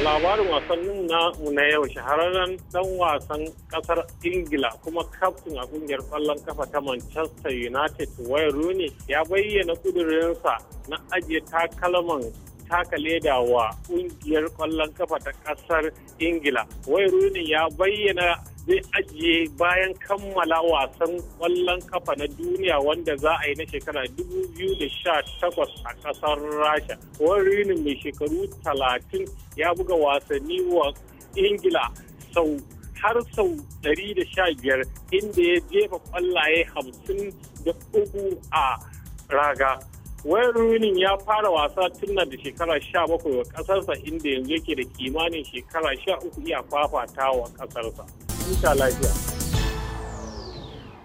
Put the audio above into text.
A labarin wasannin namu na yau shahararren dan wasan kasar Ingila kuma kaftin a kungiyar kwallon kafa ta Manchester United Wayne Rooney ya bayyana kudurinsa na ajiye takalman taka leda wa kungiyar kwallon kafa ta kasar ingila wai rooney ya bayyana zai ajiye bayan kammala wasan kwallon kafa na duniya wanda za a yi na shekara 2018 a kasar rasha wani mai shekaru 30 ya buga wasanni wa ingila sau har sau 115 inda ya jefa kwallaye 53 a raga wayan runin ya fara wasa tun da shekara sha bakwai wa kasarsa inda yanzu yake da kimanin shekara sha uku iya fafata wa kasarsa huta lafiya